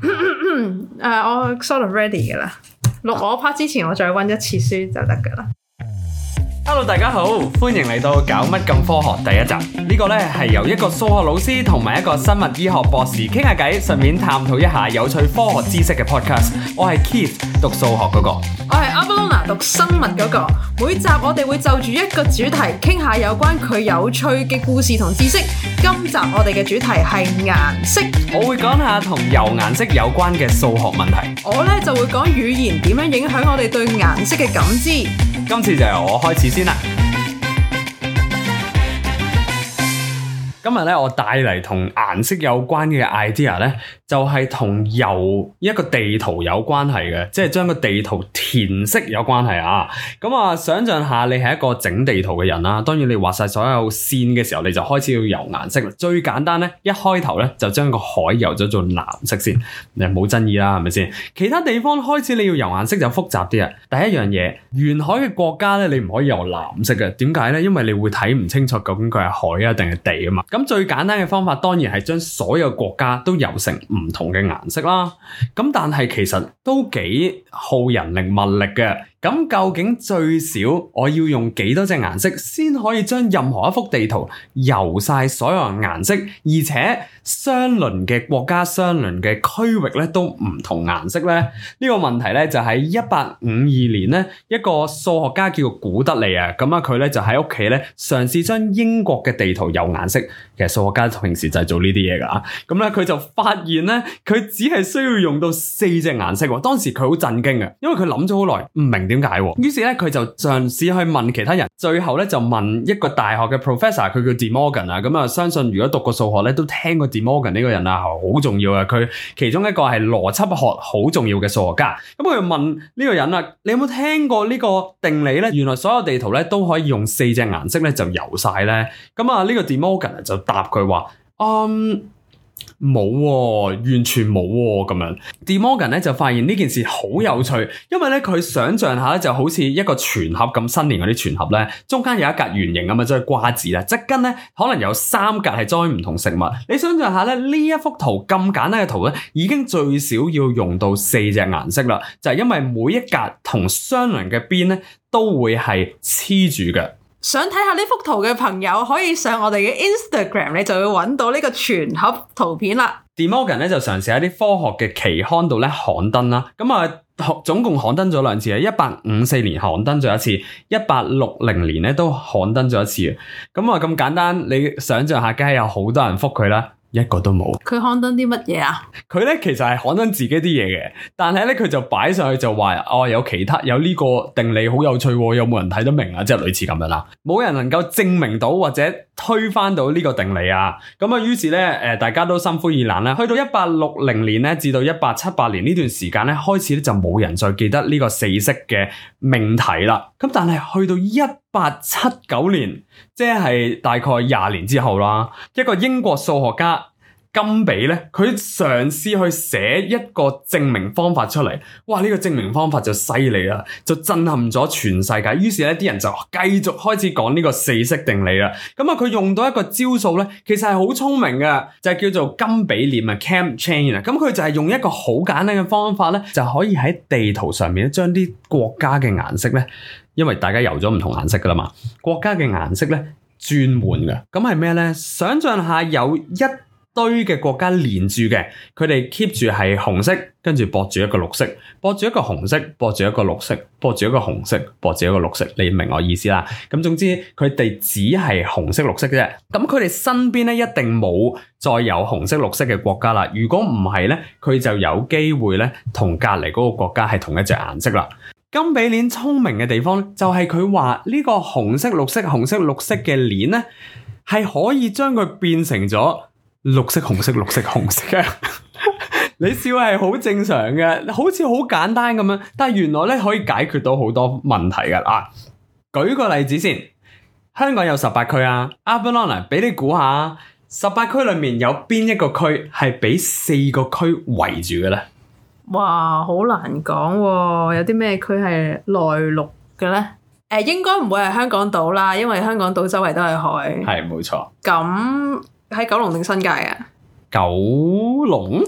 誒、 uh，我 sort of ready 噶啦，錄我 part 之前我再溫一次書就得噶啦。Hello，大家好，歡迎嚟到搞乜咁科學第一集。呢個呢係由一個數學老師同埋一個生物醫學博士傾下偈，順便探討一下有趣科學知識嘅 podcast。我係 Keith。讀數學嗰、那個，我係 Abellona，讀生物嗰個。每集我哋會就住一個主題，傾下有關佢有趣嘅故事同知識。今集我哋嘅主題係顏色，我會講下同油顏色有關嘅數學問題。我呢就會講語言點樣影響我哋對顏色嘅感知。今次就由我開始先啦。今日咧，我帶嚟同顏色有關嘅 idea 咧，就係同油一個地圖有關係嘅，即係將個地圖填色有關係啊。咁、嗯、啊，想象下你係一個整地圖嘅人啦。當然你畫晒所有線嘅時候，你就開始要油顏色啦。最簡單咧，一開頭咧就將個海油咗做藍色先，你冇爭議啦，係咪先？其他地方開始你要油顏色就複雜啲啊。第一樣嘢，沿海嘅國家咧，你唔可以油藍色嘅，點解咧？因為你會睇唔清楚究竟佢係海啊定係地啊嘛。咁最簡單嘅方法當然係將所有國家都油成唔同嘅顏色啦。咁但係其實都幾耗人力物力嘅。咁究竟最少我要用幾多隻顏色先可以將任何一幅地圖油晒所有顏色，而且相鄰嘅國家、相鄰嘅區域咧都唔同顏色咧？呢、呢個問題咧就喺一八五二年咧，一個數學家叫古德利啊。咁啊，佢咧就喺屋企咧嘗試將英國嘅地圖油顏色。其實數學家平時就係做呢啲嘢噶。咁咧佢就發現咧，佢只係需要用到四隻顏色。當時佢好震驚啊，因為佢諗咗好耐，唔明。點解？於是咧，佢就嘗試去問其他人，最後咧就問一個大學嘅 professor，佢叫 De Morgan 啊。咁啊，相信如果讀過數學咧，都聽過 De Morgan 呢個人啊，好重要啊。佢其中一個係邏輯學好重要嘅數學家。咁佢就問呢個人啊，你有冇聽過呢個定理咧？原來所有地圖咧都可以用四隻顏色咧就油晒咧。咁啊，呢個 De Morgan 就答佢話，嗯、um,。冇、啊，完全冇咁、啊、樣。De Morgan 咧就發現呢件事好有趣，因為咧佢想象下咧就好似一個全盒咁，新年嗰啲全盒咧，中間有一格圓形咁啊，即係瓜子啦。側跟咧可能有三格係裝唔同食物。你想象下咧呢一幅圖咁簡單嘅圖咧，已經最少要用到四隻顏色啦，就係、是、因為每一格同相鄰嘅邊咧都會係黐住嘅。想睇下呢幅圖嘅朋友，可以上我哋嘅 Instagram，你就會揾到呢個全盒圖片啦。De Morgan 咧就嘗試喺啲科學嘅期刊度咧刊登啦。咁啊，總共刊登咗兩次，一八五四年刊登咗一次，一八六零年都刊登咗一次。咁啊咁簡單，你想象下，梗係有好多人覆佢啦。一個都冇。佢刊登啲乜嘢啊？佢咧其實係刊登自己啲嘢嘅，但係咧佢就擺上去就話哦，有其他有呢個定理好有趣，哦，有冇人睇得明啊？即係類似咁樣啦，冇人能夠證明到或者推翻到呢個定理啊。咁啊，於是咧誒，大家都心灰意冷啦。去到一八六零年咧，至到一八七八年呢段時間咧，開始咧就冇人再記得呢個四色嘅命題啦。咁但係去到一。八七九年，即係大概廿年之後啦。一個英國數學家甘比咧，佢嘗試去寫一個證明方法出嚟。哇！呢個證明方法就犀利啦，就震撼咗全世界。於是咧，啲人就繼續開始講呢個四色定理啦。咁啊，佢用到一個招數咧，其實係好聰明嘅，就叫做甘比鍊啊 Kempe Chain 啊。咁佢就係用一個好簡單嘅方法咧，就可以喺地圖上面咧，將啲國家嘅顏色咧。因為大家有咗唔同顏色噶啦嘛，國家嘅顏色咧轉換噶，咁係咩咧？想象下有一堆嘅國家連住嘅，佢哋 keep 住係紅色，跟住駁住一個綠色，駁住一個紅色，駁住一個綠色，駁住一個紅色，駁住一個綠色，你明我意思啦。咁總之，佢哋只係紅色、綠色啫。咁佢哋身邊咧一定冇再有紅色、綠色嘅國家啦。如果唔係咧，佢就有機會咧同隔籬嗰個國家係同一隻顏色啦。甘比鍊，聰明嘅地方咧，就係佢話呢個紅色、綠色、紅色、綠色嘅鏈咧，係可以將佢變成咗綠色、紅色、綠色、紅色嘅。 你笑係好正常嘅，好似好簡單咁樣，但係原來咧可以解決到好多問題嘅。啊，舉個例子先，香港有十八區啊，阿 Abellona 俾你估下，十八區裏面有邊一個區係俾四個區圍住嘅咧？哇，好難講喎，哦！有啲咩區係內陸嘅咧？誒，應該唔會係香港島啦，因為香港島周圍都係海。係，冇錯。咁喺九龍定新界啊？九龍？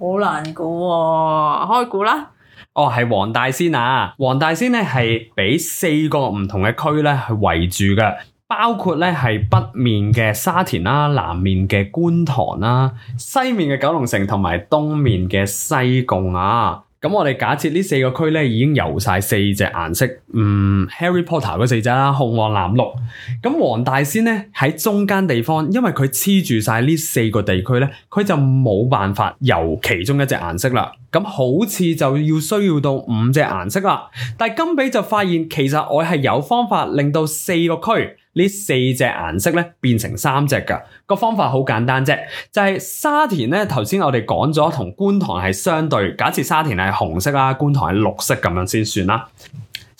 好難估喎，哦，開估啦！哦，係黃大仙啊！黃大仙咧係俾四個唔同嘅區咧係圍住㗎。包括咧係北面嘅沙田啦，南面嘅觀塘啦，西面嘅九龍城同埋東面嘅西貢啊。咁我哋假設呢四個區咧已經有晒四隻顏色，嗯，Harry Potter 嘅四隻啦，紅黃藍綠。咁黃大仙咧喺中間地方，因為佢黐住晒呢四個地區咧，佢就冇辦法有其中一隻顏色啦。咁好似就要需要到五隻顏色啦。但係甘比就發現，其實我係有方法令到四個區。呢四隻顏色咧變成三隻噶，個方法好簡單啫，就係、是、沙田咧頭先我哋講咗同觀塘係相對，假設沙田係紅色啦，觀塘係綠色咁樣先算啦。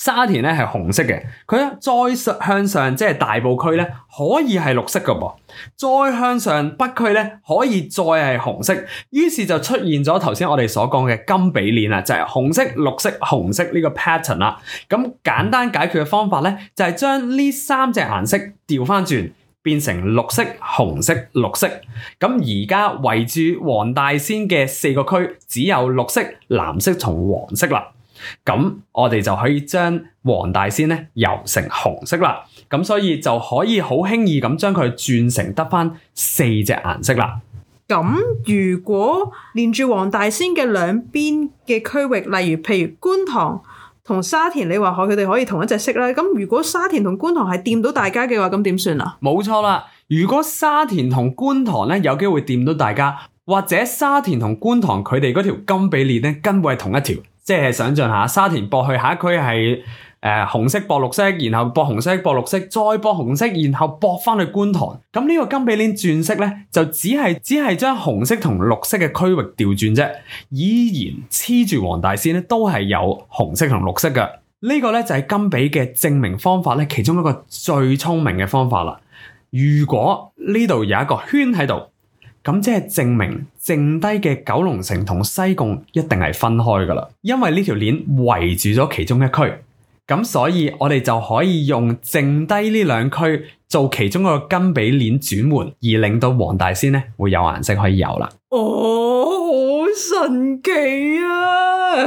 沙田咧係紅色嘅，佢再向上即係、就是、大埔區咧可以係綠色㗎喎，再向上北區咧可以再係紅色，於是就出現咗頭先我哋所講嘅甘比鍊啊，就係、是、紅色、綠色、紅色呢個 pattern 啦。咁簡單解決嘅方法咧，就係將呢三隻顏色調翻轉，變成綠色、紅色、綠色。咁而家圍住黃大仙嘅四個區只有綠色、藍色同黃色啦。咁我哋就可以將黃大仙咧油成紅色啦，咁所以就可以好輕易咁將佢轉成得翻四隻顏色啦。咁如果連住黃大仙嘅兩邊嘅區域，例如譬如觀塘同沙田，你話可佢哋可以同一隻色咧？咁如果沙田同觀塘係掂到大家嘅話，咁點算啊？冇錯啦，如果沙田同觀塘咧有機會掂到大家，或者沙田同觀塘佢哋嗰條甘比鍊咧根本係同一條。即係想象下，沙田駁去下一區係誒紅色駁綠色，然後駁紅色駁綠色，再駁紅色，然後駁翻去觀塘。咁呢個甘比鍊轉色咧，就只係只係將紅色同綠色嘅區域調轉啫，依然黐住黃大仙咧，都係有紅色同綠色嘅。這個、呢個咧就係、是、甘比嘅證明方法咧，其中一個最聰明嘅方法啦。如果呢度有一個圈喺度。咁即係證明剩低嘅九龍城同西貢一定係分開噶啦，因為呢條鏈圍住咗其中一區，咁所以我哋就可以用剩低呢兩區做其中一個甘比鏈轉換，而令到黃大仙咧會有顏色可以有啦。哦，好神奇啊！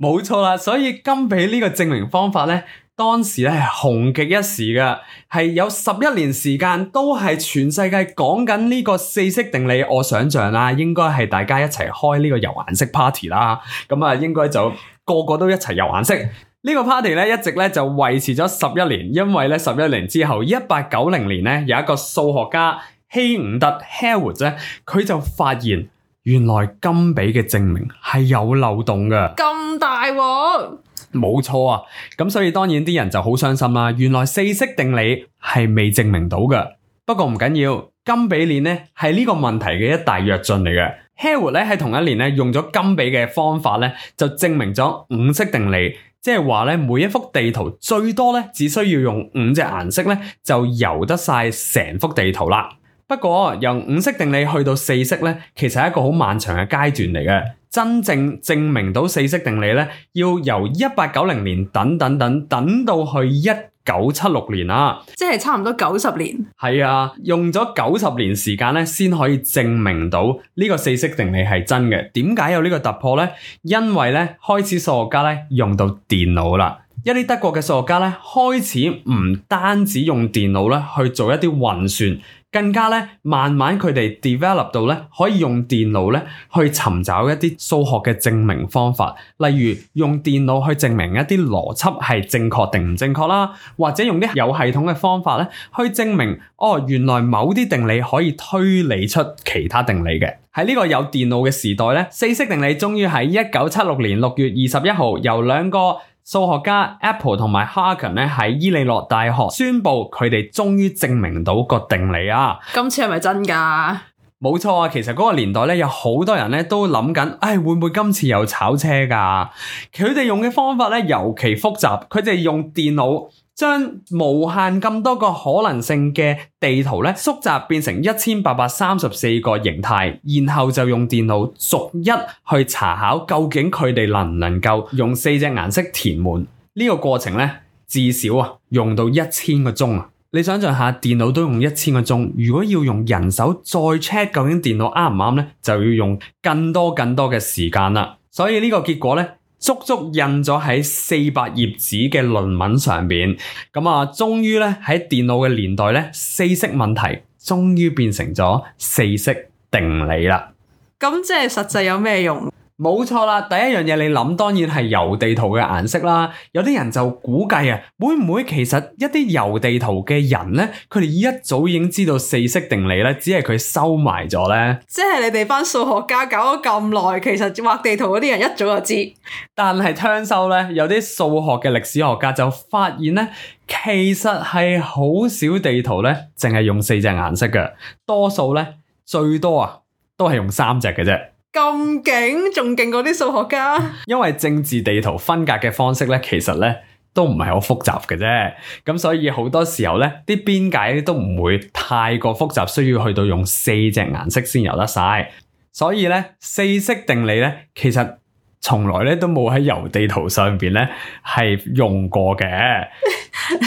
冇錯啦，所以甘比呢個證明方法咧。當時咧係紅極一時嘅，係有十一年時間都係全世界講緊呢個四色定理。我想象啦，應該係大家一齊開呢個油顏色 party 啦，咁啊，應該就個個都一齊油顏色。呢 個 party 咧一直咧就維持咗十一年，因為咧十一年之後，一八九零年咧有一個數學家希伍特 Heawood，佢就發現原來甘比嘅證明係有漏洞嘅，咁大鑊、啊！冇錯啊，咁所以當然啲人就好傷心啦、啊。原來四色定理係未證明到嘅，不過唔緊要。甘比鏈咧係呢個問題嘅一大躍進嚟嘅。Heawell 咧係同一年咧用咗甘比嘅方法咧就證明咗五色定理，即係話咧每一幅地圖最多咧只需要用五隻顏色咧就由得晒成幅地圖啦。不過由五色定理去到四色咧，其實係一個好漫長嘅階段嚟嘅。真正證明到四色定理咧，要由一八九零年等等等等，等到去一九七六年啊，即係差唔多九十年。係啊，用咗九十年時間咧，先可以證明到呢個四色定理係真嘅。點解有呢個突破呢？因為咧，開始數學家咧用到電腦啦，一啲德國嘅數學家咧開始唔單止用電腦咧去做一啲運算。更加咧，慢慢佢哋 develop 到咧，可以用電腦咧去尋找一啲數學嘅證明方法，例如用電腦去證明一啲邏輯係正確定唔正確啦，或者用啲有系統嘅方法咧去證明哦，原來某啲定理可以推理出其他定理嘅。喺呢個有電腦嘅時代咧，四色定理終於喺一九七六年六月二十一號由兩個。數學家 Apple 同埋 Haken 咧喺伊利諾大學宣布佢哋終於證明到個定理啊！今次係咪真噶？冇錯啊！其實嗰個年代咧有好多人咧都諗緊，唉、哎、會唔會今次又炒車噶？佢哋用嘅方法咧尤其複雜，佢哋用電腦。將無限咁多個可能性嘅地圖咧，縮窄變成一千八百三十四個形態，然後就用電腦逐一去查考，究竟佢哋能唔能夠用四隻顏色填滿。呢個過程咧，至少啊用到一千個鐘啊！你想象下，電腦都用一千個鐘，如果要用人手再 check 究竟電腦啱唔啱咧，就要用更多更多嘅時間啦。所以呢個結果咧。足足印咗喺四百頁紙嘅論文上邊，咁啊，終於咧喺電腦嘅年代咧，四色問題終於變成咗四色定理啦。咁即係實際有咩用？冇錯啦，第一樣嘢，你諗，當然係油地圖嘅顏色啦。有啲人就估計啊，會唔會其實一啲油地圖嘅人呢？佢哋一早已經知道四色定理呢，只係佢收埋咗呢。即係你哋班數學家搞咗咁耐，其實畫地圖嗰啲人一早就知。但係聽收呢，有啲數學嘅歷史學家就發現呢，其實係好少地圖呢，淨係用四隻顏色嘅，多數呢，最多啊，都係用三隻嘅啫。咁勁，仲勁過啲數學家。因為政治地圖分隔嘅方式咧，其實咧都唔係好複雜嘅啫。咁所以好多時候咧，啲邊界都唔會太過複雜，需要去到用四隻顏色先油得晒。所以咧，四色定理咧，其實從來咧都冇喺油地圖上邊咧係用過嘅。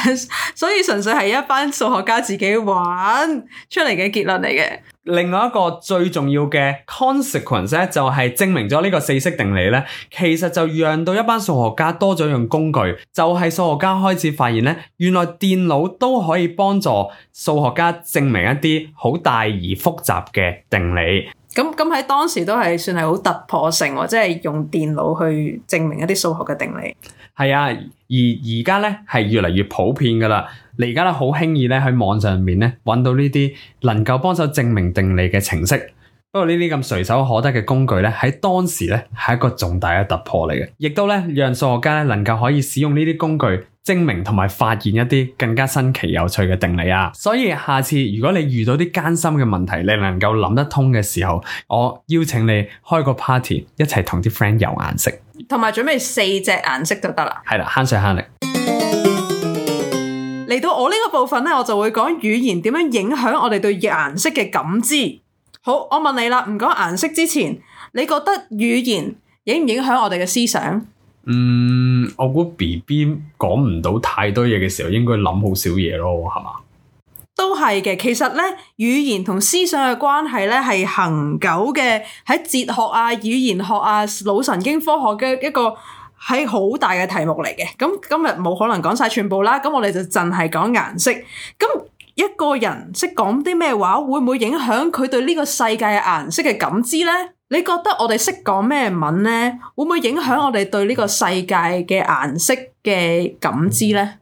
所以純粹係一班數學家自己玩出嚟嘅結論嚟嘅。另外一個最重要嘅 consequence 咧，就係證明咗呢個四色定理咧，其實就讓到一班數學家多咗樣工具，就係、是、數學家開始發現咧，原來電腦都可以幫助數學家證明一啲好大而複雜嘅定理。咁咁喺當時都係算係好突破性，或者係用電腦去證明一啲數學嘅定理。係啊，而而家咧係越嚟越普遍噶啦。你而家咧好輕易咧喺網上面咧揾到呢啲能夠幫手證明定理嘅程式。不過呢啲咁隨手可得嘅工具咧，喺當時咧係一個重大嘅突破嚟嘅，亦都咧讓數學家咧能夠可以使用呢啲工具證明同埋發現一啲更加新奇有趣嘅定理啊！所以下次如果你遇到啲艱深嘅問題，你能夠諗得通嘅時候，我邀請你開個 party，一齊同啲 friend 油顏色，同埋準備四隻顏色就得啦。係啦，慳水慳力。嚟到我呢個部分呢，我就會講語言點樣影響我哋對顏色嘅感知。好，我問你啦，唔講顏色之前，你覺得語言影唔影響我哋嘅思想？嗯，我估 BB 講唔到太多嘢嘅時候，應該諗好少嘢咯，係嘛？都係嘅。其實呢，語言同思想嘅關係呢，係恆久嘅。喺哲學啊、語言學啊、腦神經科學嘅一個。係好大嘅題目嚟嘅，咁今日冇可能講晒全部啦，咁我哋就淨係講顏色。咁一個人識講啲咩話，會唔會影響佢對呢個世界嘅顏色嘅感知咧？你覺得我哋識講咩文咧，會唔會影響我哋對呢個世界嘅顏色嘅感知咧？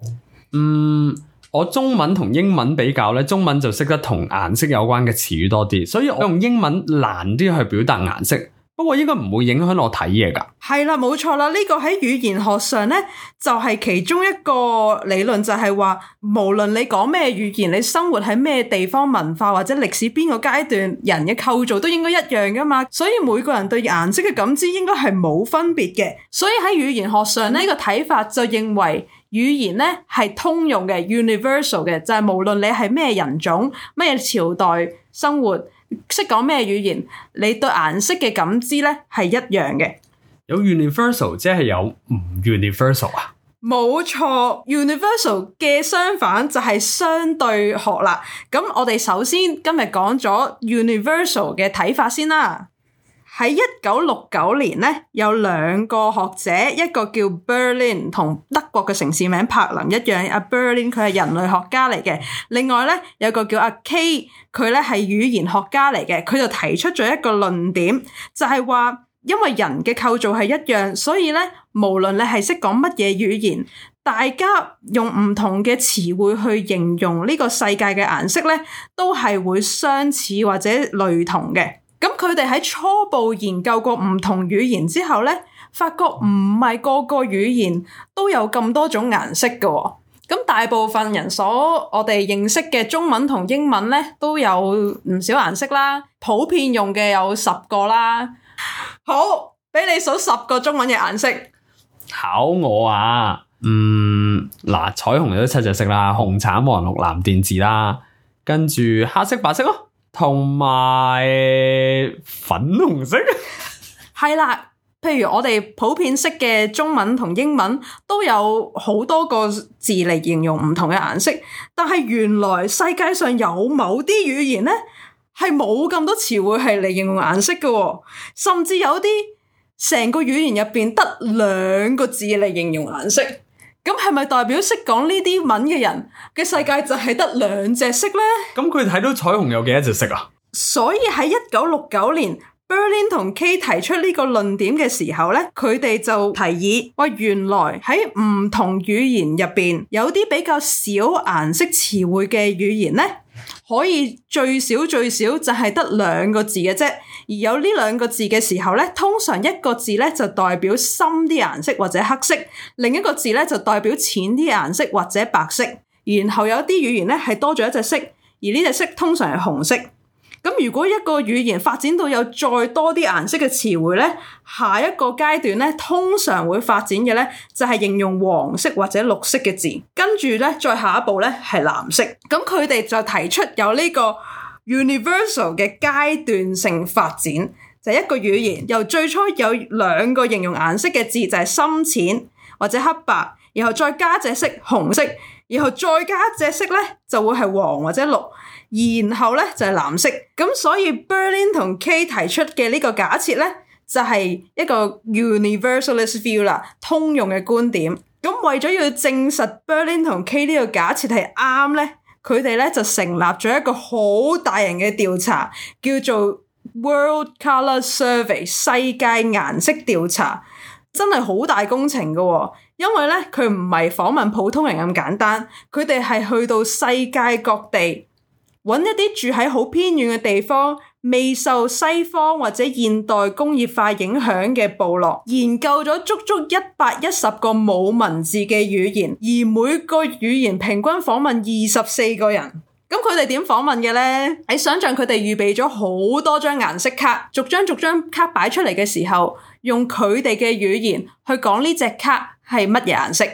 嗯，我中文同英文比較咧，中文就識得同顏色有關嘅詞語多啲，所以我用英文難啲去表達顏色。不過應該唔會影響我睇嘢噶，係啦，冇錯啦，呢、這個喺語言學上呢，就係、是、其中一個理論，就係話，無論你講咩語言，你生活喺咩地方、文化或者歷史邊個階段，人嘅構造都應該一樣噶嘛，所以每個人對顏色嘅感知應該係冇分別嘅，所以喺語言學上呢、嗯、個睇法就認為語言呢係通用嘅、universal 嘅，就係、是、無論你係咩人種、咩朝代生活。識講咩語言，你對顏色嘅感知咧係一樣嘅。有 universal，即係有唔 universal 啊？冇錯，universal 嘅相反就係相對學啦。咁我哋首先今日講咗 universal 嘅睇法先啦。喺一九六九年咧，有兩個學者，一個叫 Berlin，同德國嘅城市名柏林一樣。阿、啊、Berlin 佢係人類學家嚟嘅，另外咧，有個叫阿 K，佢咧係語言學家嚟嘅。佢就提出咗一個論點，就係、是、話，因為人嘅構造係一樣，所以咧，無論你係識講乜嘢語言，大家用唔同嘅詞彙去形容呢個世界嘅顏色咧，都係會相似或者類同嘅。咁佢哋喺初步研究過唔同語言之後咧，發覺唔係個個語言都有咁多種顏色嘅。咁大部分人所我哋認識嘅中文同英文咧，都有唔少顏色啦。普遍用嘅有十個啦。好，俾你數十個中文嘅顏色，考我啊。嗯，嗱，彩虹有七隻色啦，紅、橙、黃、綠、藍、靛、紫啦，跟住黑色、白色咯。同埋粉紅色，係 啦。譬如我哋普遍識嘅中文同英文都有好多個字嚟形容唔同嘅顏色，但係原來世界上有某啲語言呢，係冇咁多詞彙係嚟形容顏色嘅，哦，甚至有啲成個語言入邊得兩個字嚟形容顏色。咁係咪代表識講呢啲文嘅人嘅世界就係得兩隻色呢？咁佢睇到彩虹有幾多隻色啊？所以喺一九六九年，Berlin 同 Kay 提出呢個論點嘅時候呢，佢哋就提議：喂，原來喺唔同語言入邊，有啲比較少顏色詞彙嘅語言呢，可以最少最少就係得兩個字嘅啫。而有呢兩個字嘅時候咧，通常一個字咧就代表深啲顏色或者黑色，另一個字咧就代表淺啲顏色或者白色。然後有啲語言咧係多咗一隻色，而呢隻色通常係紅色。咁如果一個語言發展到有再多啲顏色嘅詞彙咧，下一個階段咧通常會發展嘅咧就係、是、形容黃色或者綠色嘅字，跟住咧再下一步咧係藍色。咁佢哋就提出有呢、這個。universal 嘅階段性發展就係一個語言，由最初有兩個形容顏色嘅字，就係深淺或者黑白，然後再加隻色紅色，然後再加隻色咧就會係黃或者綠，然後咧就係藍色。咁所以 Berlin 同 K 提出嘅呢個假設咧，就係一個 universalist view 啦，通用嘅觀點。咁為咗要證實 Berlin 同 K 呢個假設係啱咧。佢哋呢就成立咗一個好大型嘅調查，叫做 World Color Survey 世界顏色調查，真係好大工程㗎喎。因為呢佢唔係訪問普通人咁簡單，佢哋係去到世界各地揾一啲住喺好偏遠嘅地方。未受西方或者現代工業化影響嘅部落，研究咗足足一百一十個冇文字嘅語言，而每個語言平均訪問二十四個人。咁佢哋點訪問嘅呢？喺想像佢哋預備咗好多張顏色卡，逐張逐張卡擺出嚟嘅時候，用佢哋嘅語言去講呢隻卡係乜嘢顏色。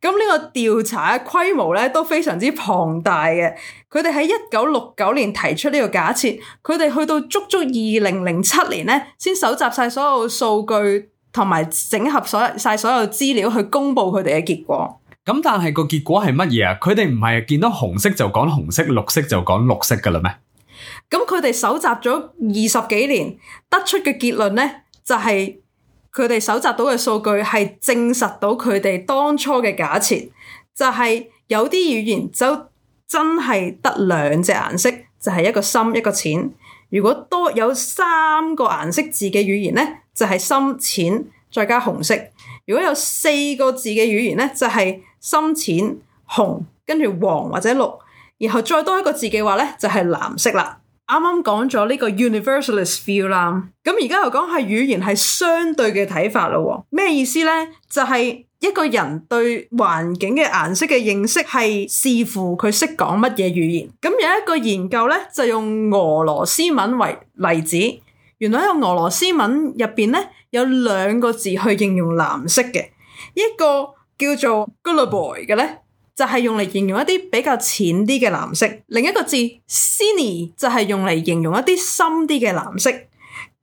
咁呢個調查嘅規模咧都非常之龐大嘅，佢哋喺一九六九年提出呢個假設，佢哋去到足足二零零七年咧，先搜集晒所有數據，同埋整合所有晒所有資料去公布佢哋嘅結果。咁但係個結果係乜嘢啊？佢哋唔係見到紅色就講紅色，綠色就講綠色噶啦咩？咁佢哋搜集咗二十幾年，得出嘅結論咧就係。佢哋搜集到嘅數據係證實到佢哋當初嘅假設，就係有啲語言就真係得兩隻顏色，就係一個深一個淺。如果多有三個顏色字嘅語言咧，就係深淺再加紅色；如果有四個字嘅語言咧，就係深淺紅跟住黃或者綠，然後再多一個字嘅話咧，就係藍色啦。啱啱講咗呢個 universalist view 啦，咁而家又講係語言係相對嘅睇法啦。咩意思呢？就係、是、一個人對環境嘅顏色嘅認識係視乎佢識講乜嘢語言。咁、嗯、有一個研究呢，就用俄羅斯文為例子。原來喺俄羅斯文入邊呢，有兩個字去形容藍色嘅，一個叫做 goluboy 嘅呢。就係用嚟形容一啲比較淺啲嘅藍色，另一個字 siniy 就係用嚟形容一啲深啲嘅藍色。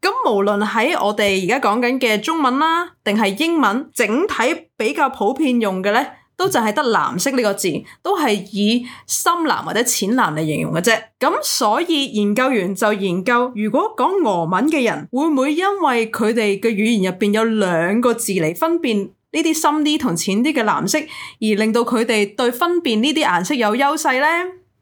咁無論喺我哋而家講緊嘅中文啦，定係英文，整體比較普遍用嘅，呢，都就係得藍色呢個字，都係以深藍或者淺藍嚟形容嘅啫。咁所以研究員就研究，如果講俄文嘅人會唔會因為佢哋嘅語言入面有兩個字嚟分辨？呢啲深啲同淺啲嘅藍色，而令到佢哋對分辨呢啲顏色有優勢咧。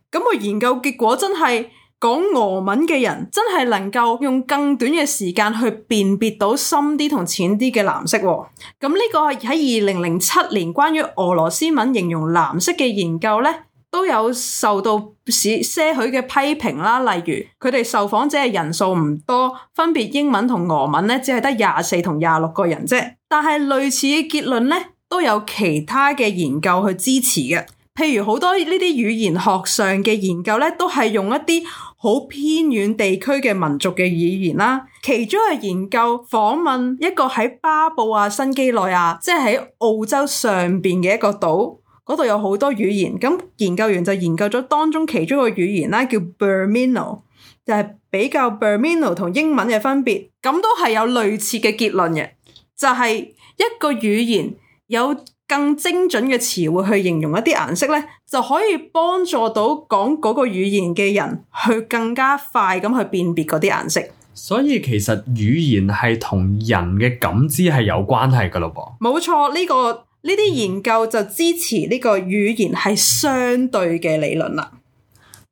咁個研究結果真係講俄文嘅人真係能夠用更短嘅時間去辨別到深啲同淺啲嘅藍色。咁呢個喺二零零七年關於俄羅斯文形容藍色嘅研究咧。都有受到些許嘅批評啦，例如佢哋受訪者人數唔多，分別英文同俄文咧，只係得廿四同廿六個人啫。但係類似嘅結論咧，都有其他嘅研究去支持嘅，譬如好多呢啲語言學上嘅研究咧，都係用一啲好偏遠地區嘅民族嘅語言啦。其中嘅研究訪問一個喺巴布亞、啊、新幾內亞，即係喺澳洲上面嘅一個島。嗰度有好多語言，咁研究員就研究咗當中其中一個語言啦，叫 Berminal 就係比較 Berminal 同英文嘅分別，咁都係有類似嘅結論嘅，就係一個語言有更精準嘅詞彙去形容一啲顏色咧，就可以幫助到講嗰個語言嘅人去更加快咁去辨別嗰啲顏色。所以其實語言係同人嘅感知係有關係噶咯噃。冇錯，呢個。呢啲研究就支持呢個語言係相對嘅理論啦。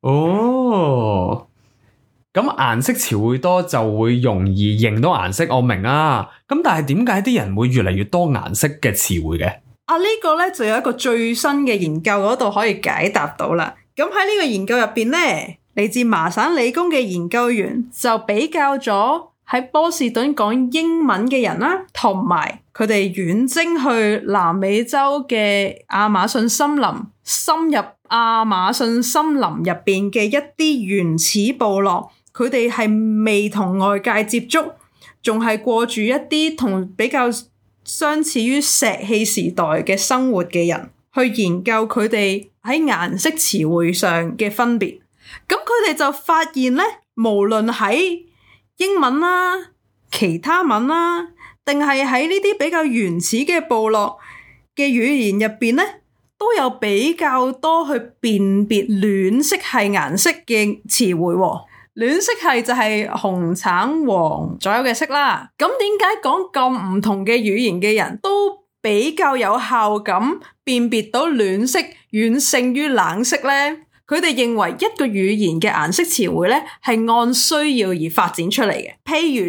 哦，咁顏色詞彙多就會容易認到顏色，我明啊。咁但係點解啲人會越嚟越多顏色嘅詞彙嘅？啊，呢個呢，就有一個最新嘅研究嗰度可以解答到啦。咁喺呢個研究入邊呢，嚟自麻省理工嘅研究員就比較咗。喺波士頓講英文嘅人啦，同埋佢哋遠征去南美洲嘅亞馬遜森林，深入亞馬遜森林入邊嘅一啲原始部落，佢哋係未同外界接觸，仲係過住一啲同比較相似於石器時代嘅生活嘅人，去研究佢哋喺顏色詞彙上嘅分別，咁佢哋就發現咧，無論喺英文啦、啊，其他文啦、啊，定係喺呢啲比較原始嘅部落嘅語言入邊呢，都有比較多去辨別暖色系顏色嘅詞彙、啊。暖色系就係紅、橙、黃左右嘅色啦。咁點解講咁唔同嘅語言嘅人都比較有效咁辨別到暖色，遠勝於冷色呢？佢哋認為一個語言嘅顏色詞彙呢，係按需要而發展出嚟嘅。譬如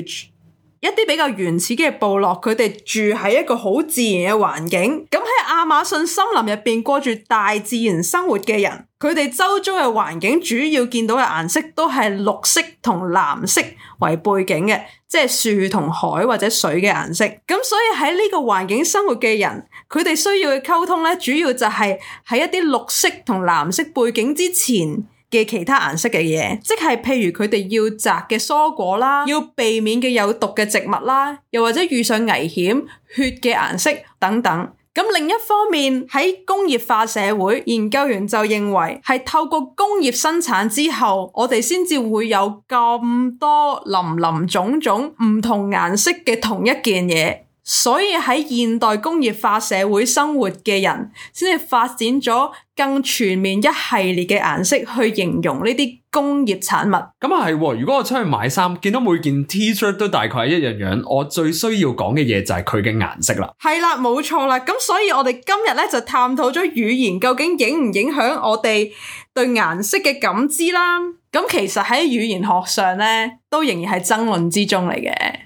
一啲比較原始嘅部落，佢哋住喺一個好自然嘅環境。咁喺亞馬遜森林入面過住大自然生活嘅人。佢哋周遭嘅環境主要見到嘅顏色都係綠色同藍色為背景嘅，即係樹同海或者水嘅顏色。咁所以喺呢個環境生活嘅人，佢哋需要嘅溝通咧，主要就係喺一啲綠色同藍色背景之前嘅其他顏色嘅嘢，即係譬如佢哋要摘嘅蔬果啦，要避免嘅有毒嘅植物啦，又或者遇上危險，血嘅顏色等等。咁另一方面，喺工業化社會，研究員就認為係透過工業生產之後，我哋先至會有咁多林林種種唔同顏色嘅同一件嘢。所以喺現代工業化社會生活嘅人，先係發展咗更全面一系列嘅顏色去形容呢啲工業產物。咁啊係，如果我出去買衫，見到每件 T-shirt 都大概係一樣樣，我最需要講嘅嘢就係佢嘅顏色啦。係啦，冇錯啦。咁所以我哋今日咧就探討咗語言究竟影唔影響我哋對顏色嘅感知啦。咁其實喺語言學上咧，都仍然係爭論之中嚟嘅。